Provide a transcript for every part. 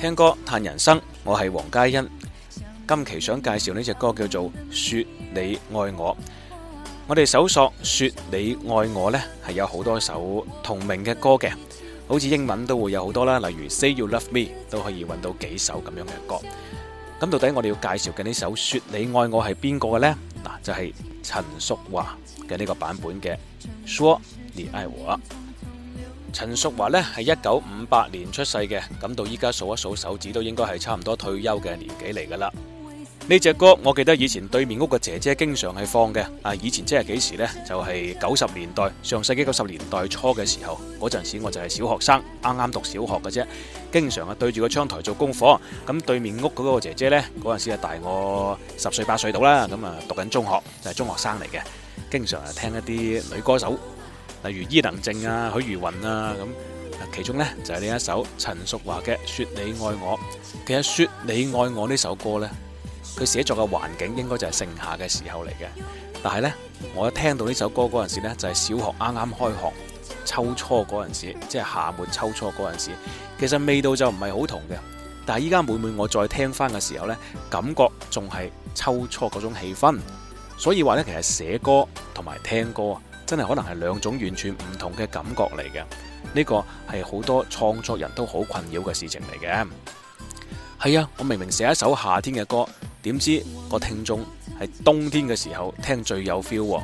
聽歌嘆人生，我係黃嘉欣。今期想介紹呢隻歌叫做《說你愛我》。我哋搜索《說你愛我》呢，係有好多首同名嘅歌嘅，好似英文都會有好多啦，例如《Say You Love Me》都可以揾到幾首咁樣嘅歌。咁到底我哋要介紹嘅呢首《說你愛我》係邊個嘅呢？嗱，就係、是、陳淑樺。嘅、這、呢個版本嘅《說你愛我》，陳淑樺呢係一九五八年出世嘅，咁到依家數一數手指，都應該係差唔多退休嘅年紀嚟噶啦。呢隻 歌我記得以前對面屋嘅姐姐經常係放嘅，啊，以前即係幾時呢？就係九十年代，上世紀九十年代初嘅時候，嗰陣時我就係小學生，啱啱讀小學嘅啫，經常啊對住個窗台做功課，咁對面屋嗰個姐姐呢，嗰陣時係大我十歲八歲到啦，咁啊讀緊中學就係、是、中學生嚟嘅。經常嚟聽一啲女歌手，例如伊能靜啊、許茹芸啊咁。其中呢，就係、是、呢一首陳淑樺嘅《說你愛我》。其實《說你愛我》呢首歌呢，佢寫作嘅環境應該就係盛夏嘅時候嚟嘅。但係呢，我一聽到呢首歌嗰陣時咧，就係、是、小學啱啱開學、秋初嗰陣時，即係夏末秋初嗰陣時。其實味道就唔係好同嘅。但係依家每每我再聽翻嘅時候呢，感覺仲係秋初嗰種氣氛。所以話咧，其實寫歌同埋聽歌真係可能係兩種完全唔同嘅感覺嚟嘅。呢個係好多創作人都好困擾嘅事情嚟嘅。係啊，我明明寫一首夏天嘅歌，點知個聽眾係冬天嘅時候聽最有 feel 喎。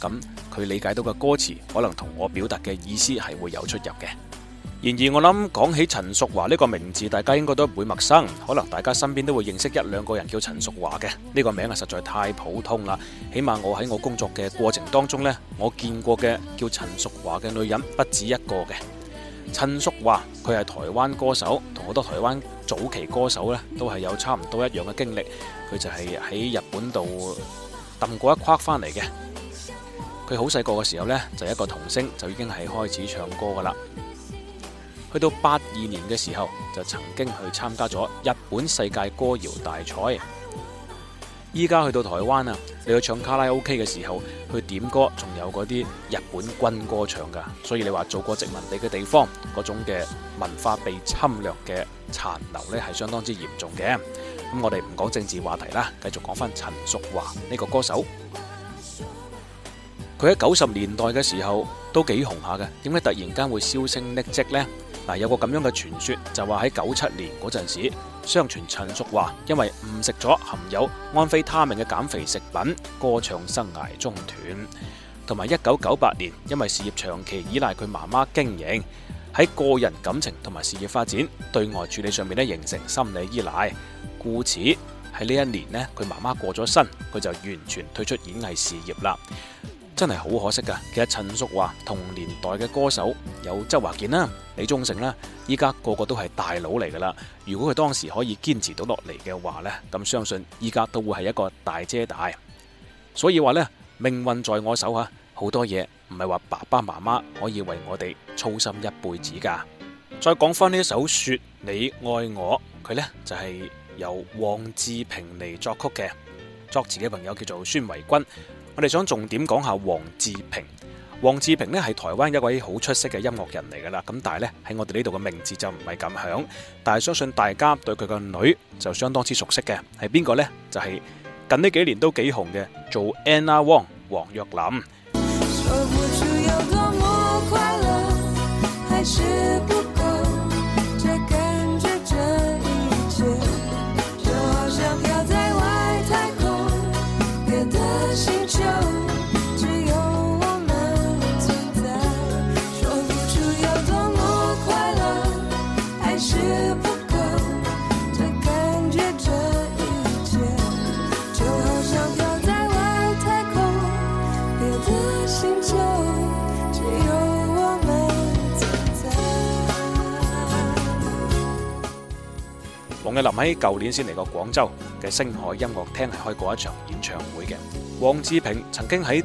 咁、嗯、佢理解到嘅歌詞，可能同我表達嘅意思係會有出入嘅。然而我想，我諗講起陳淑樺呢個名字，大家應該都唔會陌生。可能大家身邊都會認識一兩個人叫陳淑華嘅。呢、這個名啊，實在太普通啦。起碼我喺我工作嘅過程當中呢，我見過嘅叫陳淑華嘅女人不止一個嘅。陳淑樺佢係台灣歌手，同好多台灣早期歌手呢都係有差唔多一樣嘅經歷。佢就係喺日本度抌過一框翻嚟嘅。佢好細個嘅時候呢，就一個童星就已經係開始唱歌噶啦。去到八二年嘅時候，就曾經去參加咗日本世界歌謠大賽。依家去到台灣啊，你去唱卡拉 OK 嘅時候，去點歌，仲有嗰啲日本軍歌唱㗎。所以你話做過殖民地嘅地方，嗰種嘅文化被侵略嘅殘留呢係相當之嚴重嘅。咁我哋唔講政治話題啦，繼續講翻陳淑樺呢個歌手。佢喺九十年代嘅時候都幾紅下嘅，點解突然間會銷聲匿跡呢？嗱、啊，有個咁樣嘅傳說，就話喺九七年嗰陣時，相傳陳淑樺因為誤食咗含有安非他命嘅減肥食品，歌唱生涯中斷；同埋一九九八年，因為事業長期依賴佢媽媽經營，喺個人感情同埋事業發展對外處理上面呢，形成心理依賴，故此喺呢一年呢，佢媽媽過咗身，佢就完全退出演藝事業啦。真係好可惜噶，其實陳淑樺同年代嘅歌手有周華健啦、李宗盛啦，依家個個都係大佬嚟噶啦。如果佢當時可以堅持到落嚟嘅話呢，咁相信依家都會係一個大姐大。所以話呢，命運在我手下，好多嘢唔係話爸爸媽媽可以為我哋操心一輩子噶。再講翻呢一首《說你愛我》，佢呢就係、是、由王治平嚟作曲嘅，作詞嘅朋友叫做孫維君。我哋想重點講下王治平，王治平呢係台灣一位好出色嘅音樂人嚟噶啦，咁但係呢，喺我哋呢度嘅名字就唔係咁響，但係相信大家對佢嘅女就相當之熟悉嘅，係邊個呢？就係近呢幾年都幾紅嘅，做 Joanna Wang 王若琳。立：臨喺舊年先嚟過廣州嘅星海音樂廳，係開過一場演唱會嘅。王治平曾經喺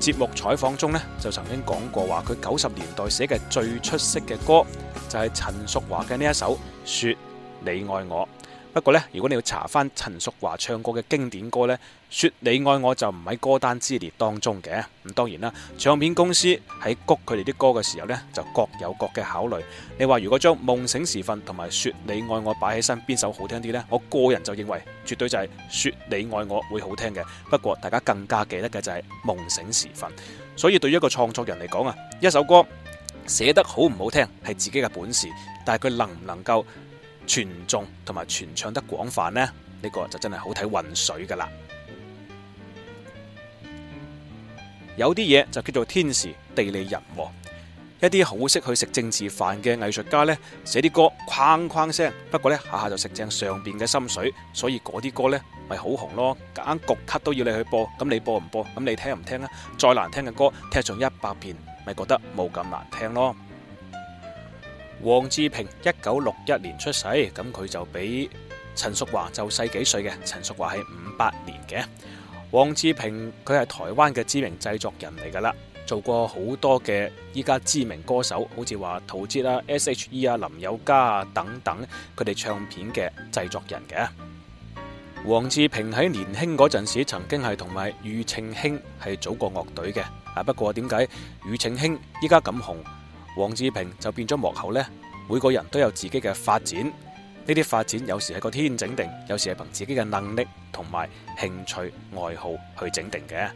節目採訪中呢，就曾經講過話，佢九十年代寫嘅最出色嘅歌就係陳淑樺嘅呢一首《説你愛我》。不過咧，如果你要查翻陳淑樺唱歌嘅經典歌呢，説你愛我就唔喺歌單之列當中嘅。咁當然啦，唱片公司喺谷佢哋啲歌嘅時候呢，就各有各嘅考慮。你話如果將夢醒時分同埋説你愛我擺起身，邊首好聽啲呢，我個人就認為，絕對就係説你愛我會好聽嘅。不過大家更加記得嘅就係夢醒時分。所以對於一個創作人嚟講啊，一首歌寫得好唔好聽係自己嘅本事，但係佢能唔能夠？傳頌同埋傳唱得廣泛呢？呢、這呢個就真係好睇運水噶啦。有啲嘢就叫做天時、地利人和、哦。一啲好識去食政治飯嘅藝術家呢，寫啲歌哐哐聲。不過呢下下就食正上邊嘅心水，所以嗰啲歌呢咪好紅咯。夾硬焗咳都要你去播，咁你播唔播？咁你聽唔聽啊？再難聽嘅歌，聽上一百遍，咪覺得冇咁難聽咯。王治平一九六一年出世，咁佢就比陳淑樺就細幾歲嘅？陳淑樺係五八年嘅。王治平佢係台灣嘅知名製作人嚟噶啦，做過好多嘅依家知名歌手，好似話陶喆啦、S.H.E 啊、林宥嘉啊等等，佢哋唱片嘅製作人嘅。王治平喺年輕嗰陣時，曾經係同埋庾澄慶係組過樂隊嘅。啊，不過點解庾澄慶依家咁紅？王治平就變咗幕後呢，每個人都有自己嘅發展，呢啲發展有時係個天整定，有時係憑自己嘅能力同埋興趣愛好去整定嘅。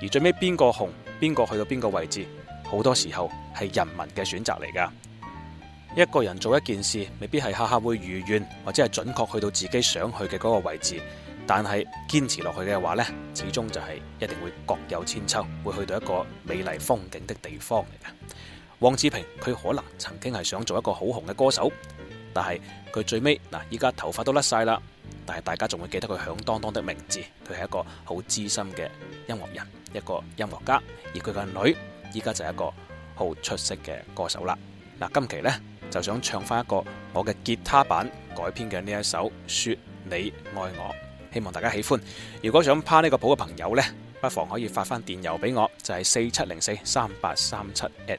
而最尾邊個紅，邊個去到邊個位置，好多時候係人民嘅選擇嚟噶。一個人做一件事，未必係下下會如願，或者係準確去到自己想去嘅嗰個位置，但係堅持落去嘅話呢，始終就係一定會各有千秋，會去到一個美麗風景的地方嚟噶。王治平佢可能曾經係想做一個好紅嘅歌手，但係佢最尾嗱，依家頭髮都甩晒啦。但係大家仲會記得佢響當當的名字。佢係一個好資深嘅音樂人，一個音樂家。而佢個女依家就係一個好出色嘅歌手啦。嗱，今期呢，就想唱翻一個我嘅吉他版改編嘅呢一首《說你愛我》，希望大家喜歡。如果想扒呢個譜嘅朋友呢，不妨可以發翻電郵俾我，就係四七零四三八三七 at。